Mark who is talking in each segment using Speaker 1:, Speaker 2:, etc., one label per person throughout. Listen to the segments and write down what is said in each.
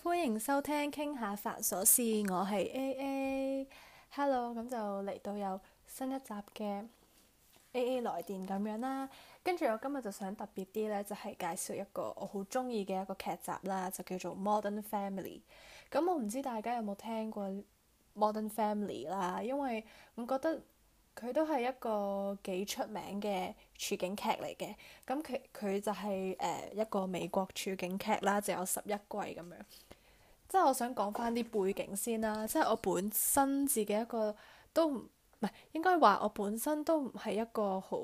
Speaker 1: 歡迎收聽，傾下煩瑣事。我係 A A，Hello，咁就嚟到有新一集嘅 A A 來電咁樣啦。跟住我今日就想特別啲呢，就係介紹一個我好中意嘅一個劇集啦，就叫做《Modern Family》。咁我唔知大家有冇聽過《Modern Family》啦，因為我覺得佢都係一個幾出名嘅處境劇嚟嘅。咁佢佢就係、是、誒、呃、一個美國處境劇啦，就有十一季咁樣。即係我想講返啲背景先啦。即係我本身自己一個都唔，唔係應該話，我本身都唔係一個好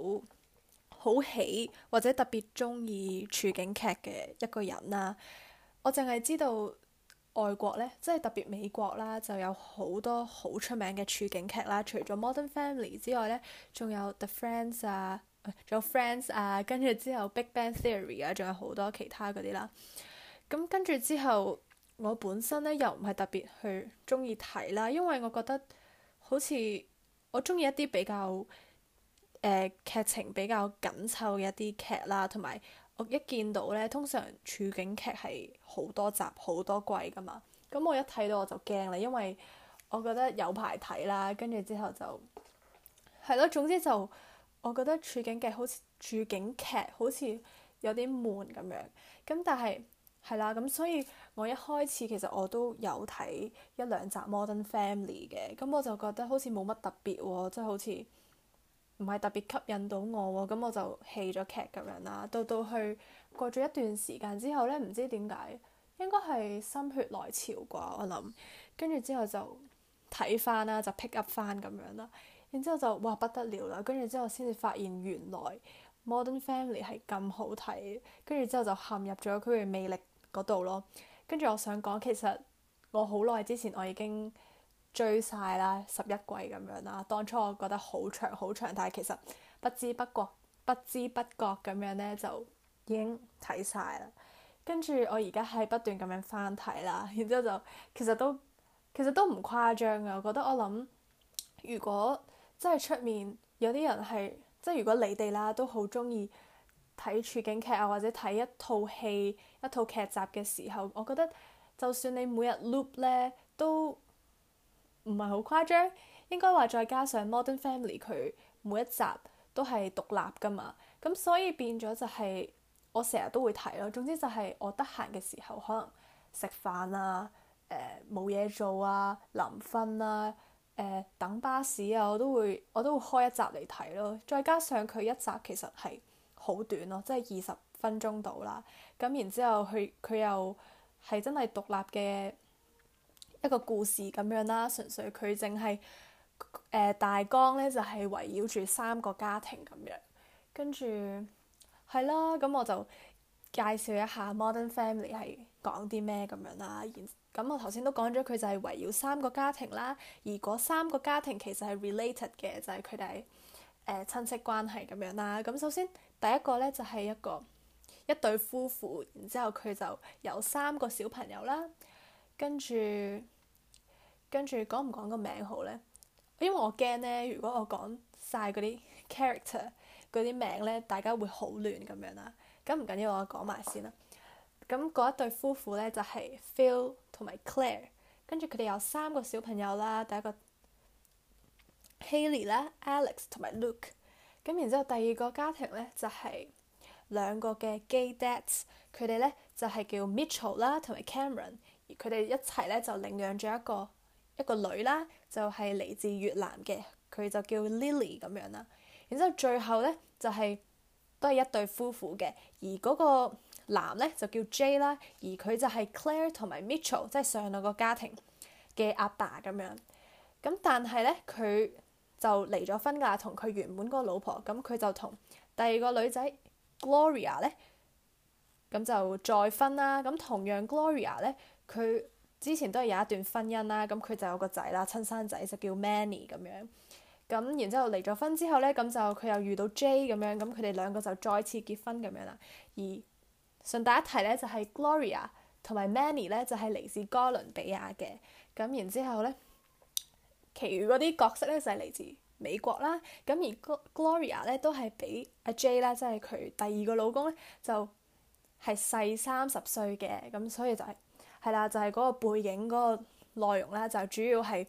Speaker 1: 好喜或者特別鍾意處境劇嘅一個人啦。我淨係知道外國呢，即係特別美國啦，就有好多好出名嘅處境劇啦。除咗 Modern Family 之外呢，仲有 The Friends 啊，仲、呃、有 Friends 啊，跟住之後 Big Bang Theory 啊，仲有好多其他嗰啲啦。咁跟住之後。我本身呢又唔係特別去鍾意睇啦，因為我覺得好似我鍾意一啲比較誒、呃、劇情比較緊湊嘅一啲劇啦，同埋我一見到呢，通常處境劇係好多集好多季㗎嘛。咁我一睇到我就驚啦，因為我覺得有排睇啦，跟住之後就係咯。總之就我覺得處境劇好似處境劇好似有啲悶咁樣。咁但係係啦，咁所以。我一開始其實我都有睇一兩集《Modern Family》嘅，咁我就覺得好似冇乜特別喎，即係好似唔係特別吸引到我喎，咁我就棄咗劇咁樣啦。到到去過咗一段時間之後咧，唔知點解應該係心血來潮啩，我諗跟住之後就睇翻啦，就 pick up 翻咁樣啦。然之後就哇不得了啦！跟住之後先至發現原來《Modern Family》係咁好睇，跟住之後就陷入咗佢嘅魅力嗰度咯。跟住我想講，其實我好耐之前我已經追晒啦，十一季咁樣啦。當初我覺得好長好長，但係其實不知不覺、不知不覺咁樣咧就已經睇晒啦。跟住我而家係不斷咁樣翻睇啦，然之後就其實都其實都唔誇張嘅。我覺得我諗，如果即係出面有啲人係即係如果你哋啦都好鍾意睇處境劇啊，或者睇一套戲一套劇集嘅時候，我覺得就算你每日 loop 咧，都唔係好誇張。應該話再加上 Modern Family 佢每一集都係獨立㗎嘛，咁所以變咗就係我成日都會睇咯。總之就係我得閒嘅時候，可能食飯啊、誒冇嘢做啊、臨瞓啊、誒、呃、等巴士啊，我都會我都會開一集嚟睇咯。再加上佢一集其實係～好短咯，即係二十分鐘到啦。咁然之後，佢佢又係真係獨立嘅一個故事咁樣啦。純粹佢淨係誒大綱咧，就係圍繞住三個家庭咁樣。跟住係啦，咁我就介紹一下 Modern Family 係講啲咩咁樣啦。咁我頭先都講咗，佢就係圍繞三個家庭啦。而嗰三個家庭其實係 related 嘅，就係佢哋係誒親戚關係咁樣啦。咁首先，第一個咧就係一個一對夫婦，然之後佢就有三個小朋友啦，跟住跟住講唔講個名好咧？因為我驚咧，如果我講晒嗰啲 character 嗰啲名咧，大家會好亂咁樣啦。咁唔緊要，我講埋先啦。咁嗰一對夫婦咧就係、是、Phil 同埋 Claire，跟住佢哋有三個小朋友啦，第一個 Haley 啦、Alex 同埋 Luke。咁然之後，第二個家庭咧就係兩個嘅 gay dads，佢哋咧就係叫 Mitchell 啦，同埋 Cameron，佢哋一齊咧就領養咗一個一個女啦，就係嚟自越南嘅，佢就叫 Lily 咁樣啦。然之後最後咧就係都係一對夫婦嘅，而嗰個男咧就叫 Jay 啦，而佢就係 Claire 同埋 Mitchell 即係上兩個家庭嘅阿爸咁樣。咁但係咧佢，就離咗婚㗎，同佢原本嗰個老婆，咁佢就同第二個女仔 Gloria 咧，咁就再婚啦。咁同樣 Gloria 咧，佢之前都係有一段婚姻啦，咁佢就有個仔啦，親生仔就叫 Manny 咁樣。咁然之後離咗婚之後咧，咁就佢又遇到 Jay 咁樣，咁佢哋兩個就再次結婚咁樣啦。而順帶一提咧，就係 Gloria 同埋 Manny 咧，就係嚟自哥倫比亞嘅。咁然之後咧。其餘嗰啲角色咧就係嚟自美國啦，咁而 Gloria 咧都係畀阿 Jay 啦，即係佢第二個老公咧就係細三十歲嘅，咁所以就係係啦，就係、是、嗰個背景嗰個內容啦，就主要係誒、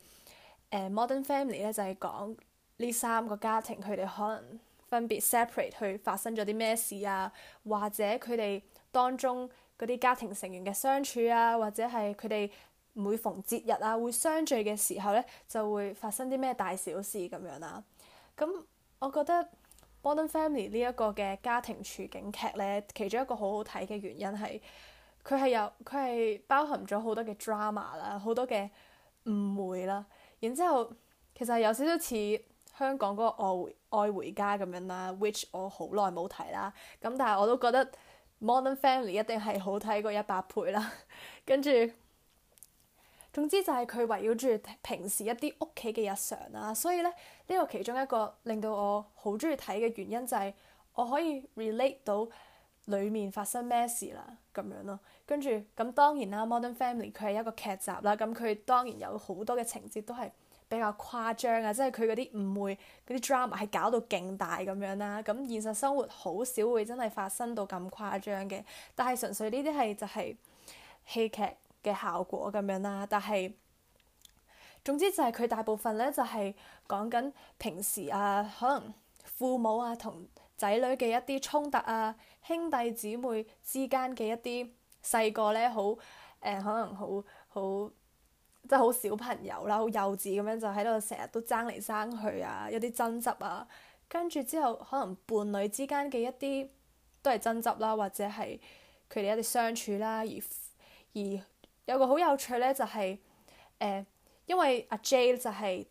Speaker 1: 呃、Modern Family 咧就係講呢三個家庭佢哋可能分別 separate 去發生咗啲咩事啊，或者佢哋當中嗰啲家庭成員嘅相處啊，或者係佢哋。每逢節日啊，會相聚嘅時候呢，就會發生啲咩大小事咁樣啦。咁我覺得《Modern Family》呢一個嘅家庭處境劇呢，其中一個好好睇嘅原因係佢係有佢係包含咗好多嘅 drama 啦，好多嘅誤會啦。然之後其實有少少似香港嗰個《愛回家》咁樣啦，which 我好耐冇睇啦。咁但係我都覺得《Modern Family》一定係好睇過一百倍啦。跟住。總之就係佢圍繞住平時一啲屋企嘅日常啦，所以咧呢，呢個其中一個令到我好中意睇嘅原因就係我可以 relate 到裡面發生咩事啦咁樣咯。跟住咁當然啦，《Modern Family》佢係一個劇集啦，咁佢當然有好多嘅情節都係比較誇張啊，即係佢嗰啲誤會嗰啲 drama 係搞到勁大咁樣啦。咁現實生活好少會真係發生到咁誇張嘅，但係純粹呢啲係就係戲劇嘅效果咁樣啦，但係總之就係佢大部分咧，就係講緊平時啊，可能父母啊同仔女嘅一啲衝突啊，兄弟姊妹之間嘅一啲細個咧，好誒、呃，可能好好即係好小朋友啦，好幼稚咁樣就喺度成日都爭嚟爭去啊，有啲爭執啊，跟住之後可能伴侶之間嘅一啲都係爭執啦，或者係佢哋一啲相處啦、啊，而而。而有個好有趣咧，就係、是、誒、呃，因為阿 Jay 就係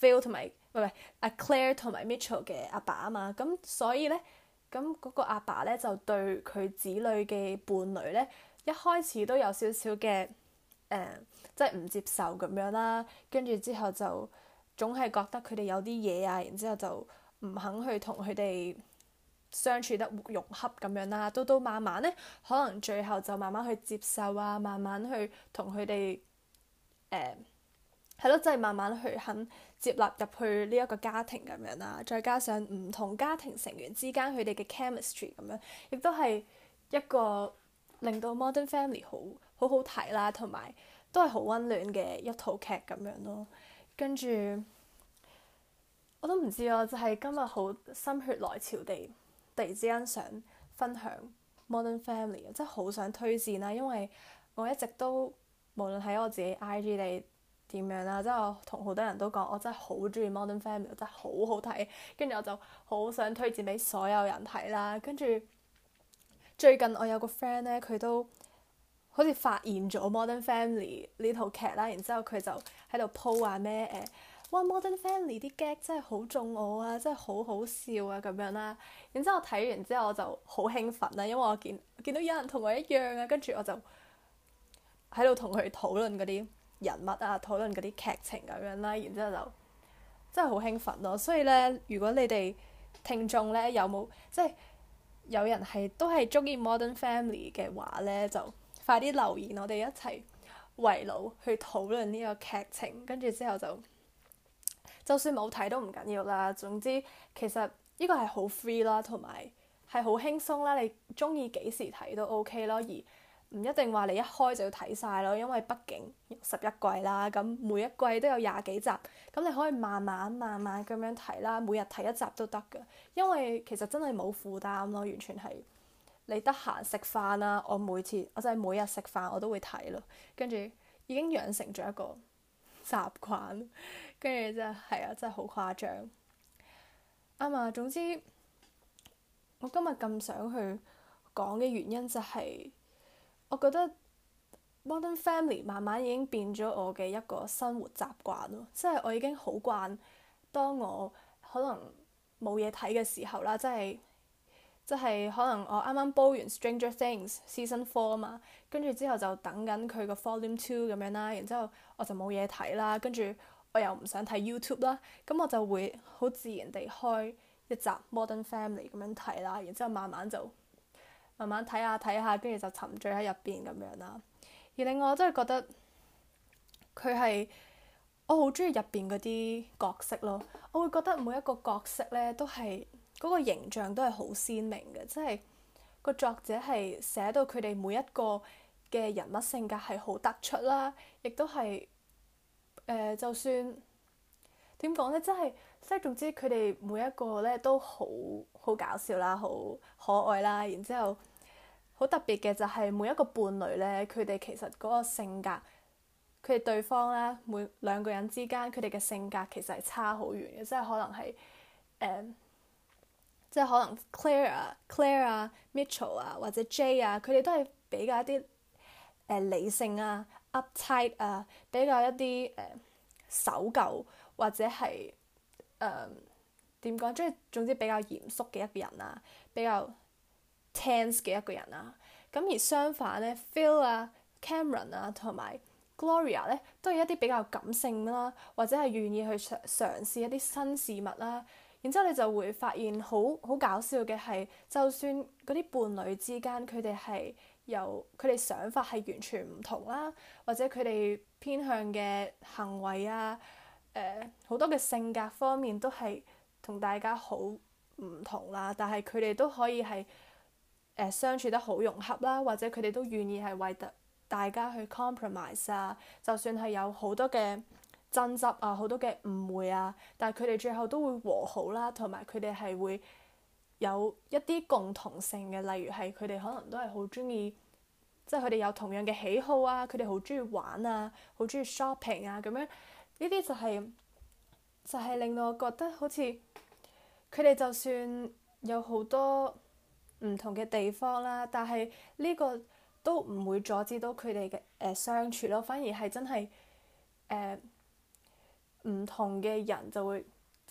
Speaker 1: Phil 同埋唔係阿 Claire 同埋 Mitchell 嘅阿爸啊嘛，咁所以咧，咁嗰個阿爸咧就對佢子女嘅伴侶咧，一開始都有少少嘅誒，即係唔接受咁樣啦，跟住之後就總係覺得佢哋有啲嘢啊，然之後就唔肯去同佢哋。相處得融洽咁樣啦，都都慢慢咧，可能最後就慢慢去接受啊，慢慢去同佢哋誒係咯，即、欸、係、就係、慢慢去肯接納入去呢一個家庭咁樣啦。再加上唔同家庭成員之間佢哋嘅 chemistry 咁樣，亦都係一個令到 modern family 好好好睇啦，同埋都係好溫暖嘅一套劇咁樣咯。跟住我都唔知啊，就係、係、今日好心血來潮地。突然之間想分享 Modern Family，真係好想推薦啦，因為我一直都無論喺我自己 IG 定點樣啦，即係我同好多人都講，我真係好中意 Modern Family，我真係好好睇，跟住我就好想推薦俾所有人睇啦。跟住最近我有個 friend 咧，佢都好似發現咗 Modern Family 呢套劇啦，然之後佢就喺度 po 話咩誒？哇！Modern Family 啲劇真係好中我啊，真係好好笑啊，咁樣啦、啊。然之後我睇完之後我就好興奮啦，因為我見見到有人同我一樣啊，跟住我就喺度同佢討論嗰啲人物啊，討論嗰啲劇情咁樣啦、啊。然之後就真係好興奮咯。所以咧，如果你哋聽眾咧，有冇即係有人係都係鍾意 Modern Family 嘅話咧，就快啲留言，我哋一齊圍爐去討論呢個劇情，跟住之後就～就算冇睇都唔緊要啦。總之其實呢個係好 free 啦，同埋係好輕鬆啦。你中意幾時睇都 OK 咯，而唔一定話你一開就要睇晒咯。因為畢竟十一季啦，咁每一季都有廿幾集，咁你可以慢慢慢慢咁樣睇啦。每日睇一集都得噶，因為其實真係冇負擔咯，完全係你得閒食飯啦。我每次我真係每日食飯我都會睇咯，跟住已經養成咗一個習慣。跟住真係啊！真係好誇張，啱、嗯、啊。總之，我今日咁想去講嘅原因就係、是，我覺得 Modern Family 慢慢已經變咗我嘅一個生活習慣咯，即係我已經好慣。當我可能冇嘢睇嘅時候啦，即係即係可能我啱啱煲完《Stranger Things》Season Four 啊嘛，跟住之後就等緊佢個 Volume Two 咁樣啦，然之後我就冇嘢睇啦，跟住。我又唔想睇 YouTube 啦，咁我就會好自然地開一集 Modern Family 咁樣睇啦，然之後慢慢就慢慢睇下睇下，跟住就沉醉喺入邊咁樣啦。而另外我真係覺得佢係我好中意入邊嗰啲角色咯，我會覺得每一個角色咧都係嗰個形象都係好鮮明嘅，即係個作者係寫到佢哋每一個嘅人物性格係好突出啦，亦都係。誒、呃，就算點講咧，即係即係總之，佢哋每一個咧都好好搞笑啦，好可愛啦，然之後好特別嘅就係每一個伴侶咧，佢哋其實嗰個性格，佢哋對方咧，每兩個人之間，佢哋嘅性格其實係差好遠嘅，即係可能係誒、呃，即係可能 Claire、啊、Claire、啊、Mitchell 啊，或者 Jay 啊，佢哋都係比較一啲誒、呃、理性啊。uptight，誒比較一啲誒守舊，或者係誒點講，即、uh, 係總之比較嚴肅嘅一個人啊，比較 tense 嘅一個人啊。咁而相反咧，Phil 啊、uh,、Cameron 啊同埋 Gloria 咧，都係一啲比較感性啦，或者係願意去嘗嘗試一啲新事物啦。然之後你就會發現好好搞笑嘅係，就算嗰啲伴侶之間佢哋係。由佢哋想法係完全唔同啦，或者佢哋偏向嘅行為啊，誒、呃、好多嘅性格方面都係同大家好唔同啦。但係佢哋都可以係誒、呃、相處得好融洽啦，或者佢哋都願意係為大大家去 compromise 啊。就算係有好多嘅爭執啊，好多嘅誤會啊，但係佢哋最後都會和好啦，同埋佢哋係會。有一啲共同性嘅，例如係佢哋可能都係好鍾意，即係佢哋有同樣嘅喜好啊，佢哋好鍾意玩啊，好鍾意 shopping 啊，咁樣呢啲就係、就係、令到我覺得好似佢哋就算有好多唔同嘅地方啦，但係呢個都唔會阻止到佢哋嘅誒相處咯，反而係真係誒唔同嘅人就會。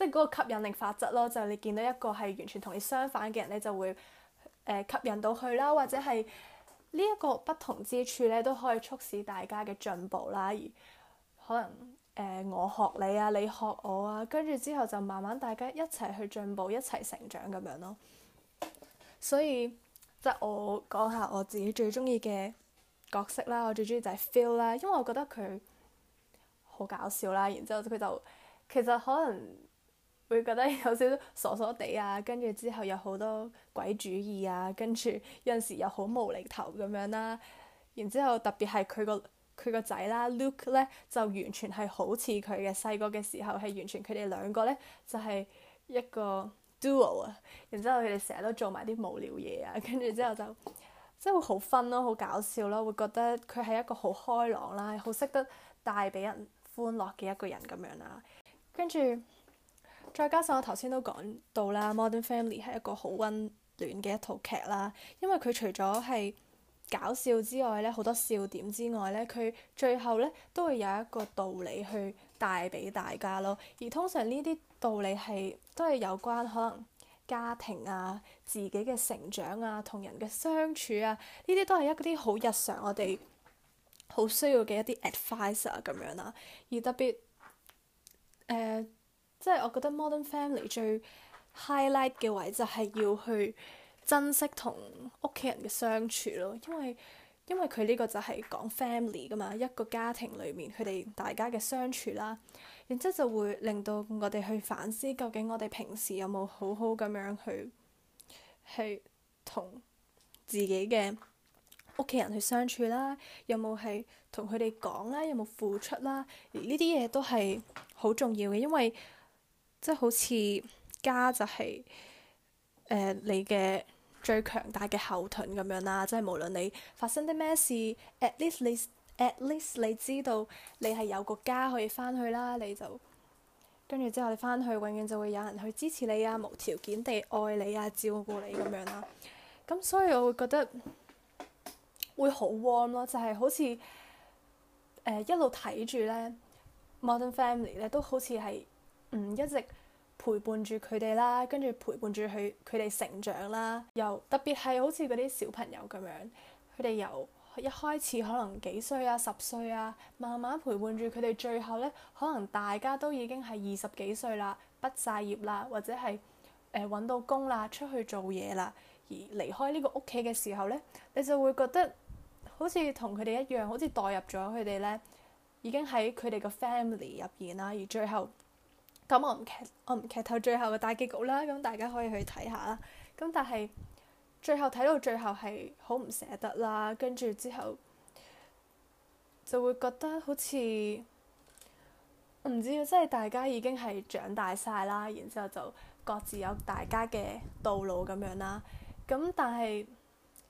Speaker 1: 即係嗰個吸引力法則咯，就係你見到一個係完全同你相反嘅人，你就會、呃、吸引到去啦，或者係呢一個不同之處咧，都可以促使大家嘅進步啦。而可能誒、呃、我學你啊，你學我啊，跟住之後就慢慢大家一齊去進步，一齊成長咁樣咯。所以即係、就是、我講下我自己最中意嘅角色啦，我最中意就係 Phil 啦，因為我覺得佢好搞笑啦。然之後佢就其實可能～會覺得有少少傻傻地啊，跟住之後有好多鬼主意啊，跟住有陣時又好無厘頭咁樣啦。然之後特別係佢個佢個仔啦，Luke 咧就完全係好似佢嘅細個嘅時候係完全佢哋兩個咧就係、是、一個 duo 啊。然之後佢哋成日都做埋啲無聊嘢啊，跟住之後就真會好分咯，好搞笑咯。會覺得佢係一個好開朗啦，好識得帶俾人歡樂嘅一個人咁樣啦。跟住。再加上我頭先都講到啦，《Modern Family》係一個好溫暖嘅一套劇啦，因為佢除咗係搞笑之外咧，好多笑點之外咧，佢最後咧都會有一個道理去帶俾大家咯。而通常呢啲道理係都係有關可能家庭啊、自己嘅成長啊、同人嘅相處啊，呢啲都係一啲好日常我哋好需要嘅一啲 advisor 咁樣啦。而特別誒。呃即係我覺得 modern family 最 highlight 嘅位就係要去珍惜同屋企人嘅相處咯，因為因為佢呢個就係講 family 㗎嘛，一個家庭裏面佢哋大家嘅相處啦，然之後就會令到我哋去反思，究竟我哋平時有冇好好咁樣去去同自己嘅屋企人去相處啦？有冇係同佢哋講啦？有冇付出啦？而呢啲嘢都係好重要嘅，因為即係好似家就係、是、誒、呃、你嘅最強大嘅後盾咁樣啦，即係無論你發生啲咩事 ，at least 你 at least 你知道你係有個家可以翻去啦，你就跟住之後你翻去，永遠就會有人去支持你啊，無條件地愛你啊，照顧你咁樣啦。咁所以我會覺得會 warm，好 warm 咯，就係好似誒一路睇住咧 modern family 咧，都好似係。嗯，一直陪伴住佢哋啦，跟住陪伴住佢佢哋成長啦。又特別係好似嗰啲小朋友咁樣，佢哋由一開始可能幾歲啊、十歲啊，慢慢陪伴住佢哋。最後呢，可能大家都已經係二十幾歲啦，畢曬業啦，或者係誒揾到工啦，出去做嘢啦，而離開呢個屋企嘅時候呢，你就會覺得好似同佢哋一樣，好似代入咗佢哋呢，已經喺佢哋個 family 入面啦，而最後。咁我唔劇，我唔劇透最後嘅大結局啦。咁大家可以去睇下啦。咁但係最後睇到最後係好唔捨得啦。跟住之後就會覺得好似唔知啊，即係大家已經係長大晒啦。然之後就各自有大家嘅道路咁樣啦。咁但係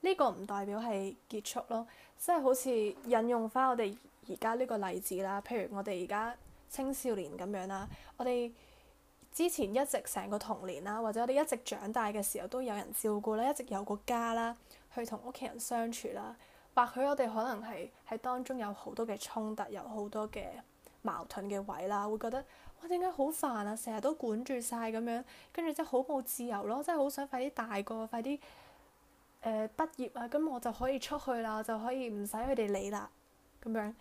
Speaker 1: 呢個唔代表係結束咯。即係好似引用返我哋而家呢個例子啦。譬如我哋而家。青少年咁樣啦，我哋之前一直成個童年啦，或者我哋一直長大嘅時候都有人照顧啦，一直有個家啦，去同屋企人相處啦。或許我哋可能係喺當中有好多嘅衝突，有好多嘅矛盾嘅位啦，會覺得哇，點解好煩啊！成日都管住晒咁樣，跟住真係好冇自由咯，真係好想快啲大個，快啲誒、呃、畢業啊！咁我就可以出去啦，就可以唔使佢哋理啦，咁樣。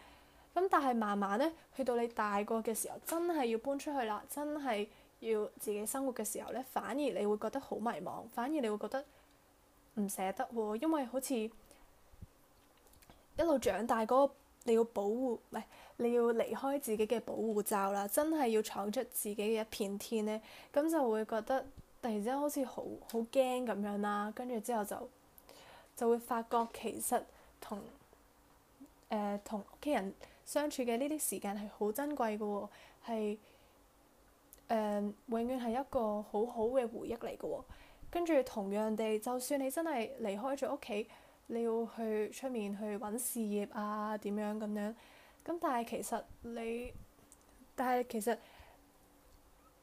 Speaker 1: 咁但係慢慢咧，去到你大個嘅時候，真係要搬出去啦，真係要自己生活嘅時候咧，反而你會覺得好迷茫，反而你會覺得唔捨得喎，因為好似一路長大嗰個你要保護，唔係你要離開自己嘅保護罩啦，真係要闖出自己嘅一片天咧。咁就會覺得突然之間好似好好驚咁樣啦，跟住之後就就會發覺其實同誒同屋企人。相處嘅呢啲時間係好珍貴嘅喎、哦，係、嗯、永遠係一個好好嘅回憶嚟嘅喎。跟住同樣地，就算你真係離開咗屋企，你要去出面去揾事業啊點樣咁樣，咁但係其實你，但係其實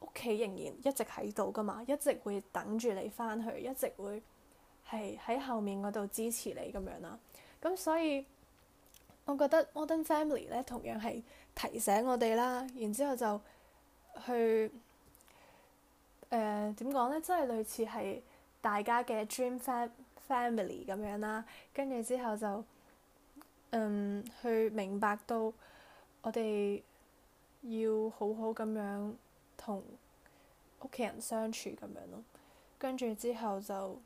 Speaker 1: 屋企仍然一直喺度噶嘛，一直會等住你翻去，一直會係喺後面嗰度支持你咁樣啦。咁所以。我覺得 Modern Family 咧，同樣係提醒我哋啦，然之後就去誒點講咧，即、呃、係類似係大家嘅 Dream fam, Family 咁樣啦，跟住之後就嗯去明白到我哋要好好咁樣同屋企人相處咁樣、嗯、樣咯，跟住之後就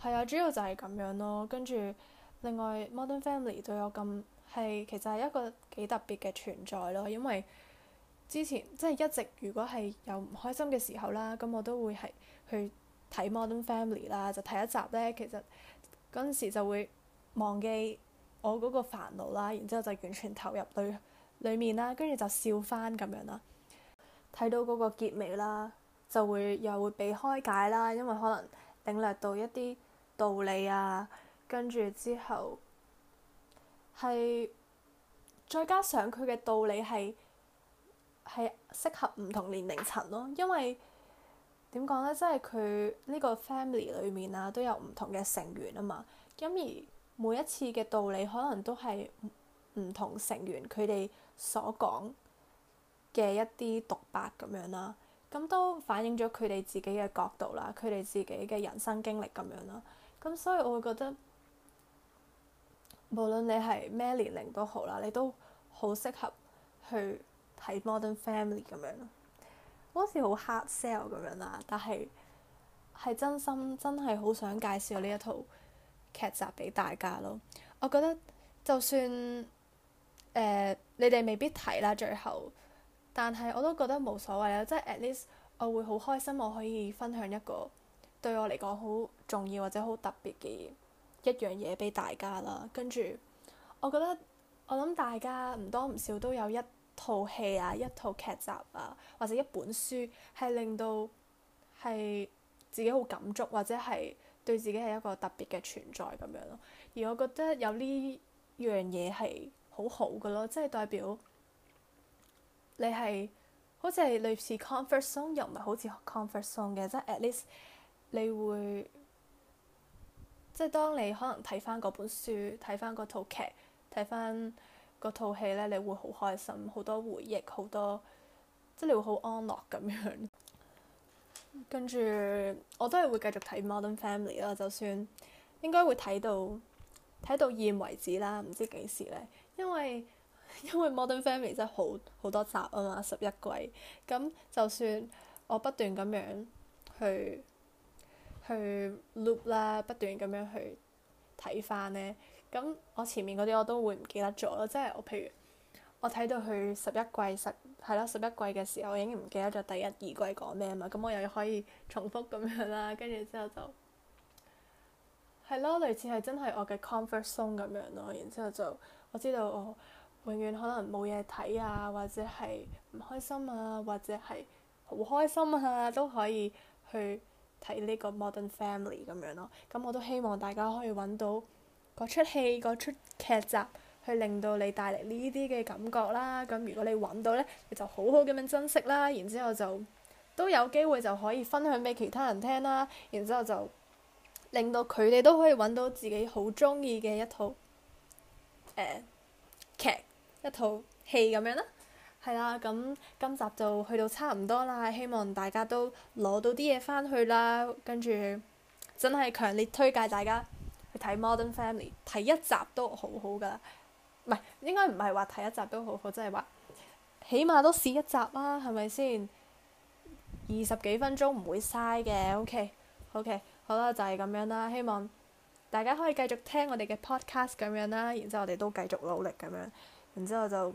Speaker 1: 係啊，主要就係咁樣咯，跟住。另外，Modern Family 對我咁係其實係一個幾特別嘅存在咯，因為之前即係一直如果係有唔開心嘅時候啦，咁我都會係去睇 Modern Family 啦，就睇一集咧，其實嗰陣時就會忘記我嗰個煩惱啦，然之後就完全投入到裏面啦，跟住就笑翻咁樣啦，睇到嗰個結尾啦，就會又會被開解啦，因為可能領略到一啲道理啊。跟住之後，係再加上佢嘅道理係係適合唔同年齡層咯，因為點講呢？即係佢呢個 family 裏面啊，都有唔同嘅成員啊嘛。咁而每一次嘅道理，可能都係唔同成員佢哋所講嘅一啲獨白咁樣啦。咁都反映咗佢哋自己嘅角度啦，佢哋自己嘅人生經歷咁樣啦。咁所以我會覺得，無論你係咩年齡都好啦，你都好適合去睇 Modern Family 咁樣咯。嗰時好 hard sell 咁樣啦，但係係真心真係好想介紹呢一套劇集俾大家咯。我覺得就算誒、呃、你哋未必睇啦，最後，但係我都覺得冇所謂啦。即係 at least 我會好開心，我可以分享一個對我嚟講好重要或者好特別嘅嘢。一樣嘢俾大家啦，跟住我覺得我諗大家唔多唔少都有一套戲啊、一套劇集啊，或者一本書係令到係自己好感觸，或者係對自己係一個特別嘅存在咁樣咯。而我覺得有呢樣嘢係好好嘅咯，即係代表你係好似係類似 comfort song 又唔係好似 comfort song 嘅，即係 at least 你會。即係當你可能睇翻嗰本書、睇翻嗰套劇、睇翻嗰套戲咧，你會好開心，好多回憶，好多即係你會好安樂咁樣。跟住我都係會繼續睇 Modern Family 啦，就算應該會睇到睇到厭為止啦，唔知幾時咧，因為因為 Modern Family 真係好好多集啊嘛，十一季，咁就算我不斷咁樣去。去 loop 啦，不斷咁樣去睇翻呢。咁我前面嗰啲我都會唔記得咗咯，即係我譬如我睇到佢十一季十，係咯十一季嘅時候，我已經唔記得咗第一二季講咩啊嘛。咁我又可以重複咁樣啦，跟住之後就係咯，類似係真係我嘅 comfort zone 咁樣咯。然之後就我知道我永遠可能冇嘢睇啊，或者係唔開心啊，或者係好開心啊，都可以去。睇呢個 Modern Family 咁樣咯，咁我都希望大家可以揾到嗰出戲，嗰出劇集，去令到你帶嚟呢啲嘅感覺啦。咁如果你揾到呢，你就好好咁樣珍惜啦。然之後就都有機會就可以分享俾其他人聽啦。然之後就令到佢哋都可以揾到自己好中意嘅一套誒劇、呃，一套戲咁樣啦。係啦，咁、嗯、今集就去到差唔多啦，希望大家都攞到啲嘢返去啦，跟住真係強烈推介大家去睇 Modern Family，睇一集都好好㗎啦，唔係，應該唔係話睇一集都好好，即係話起碼都試一集啦，係咪先？二十幾分鐘唔會嘥嘅，OK，OK，好啦，就係、是、咁樣啦，希望大家可以繼續聽我哋嘅 podcast 咁樣啦，然之後我哋都繼續努力咁樣，然之後就。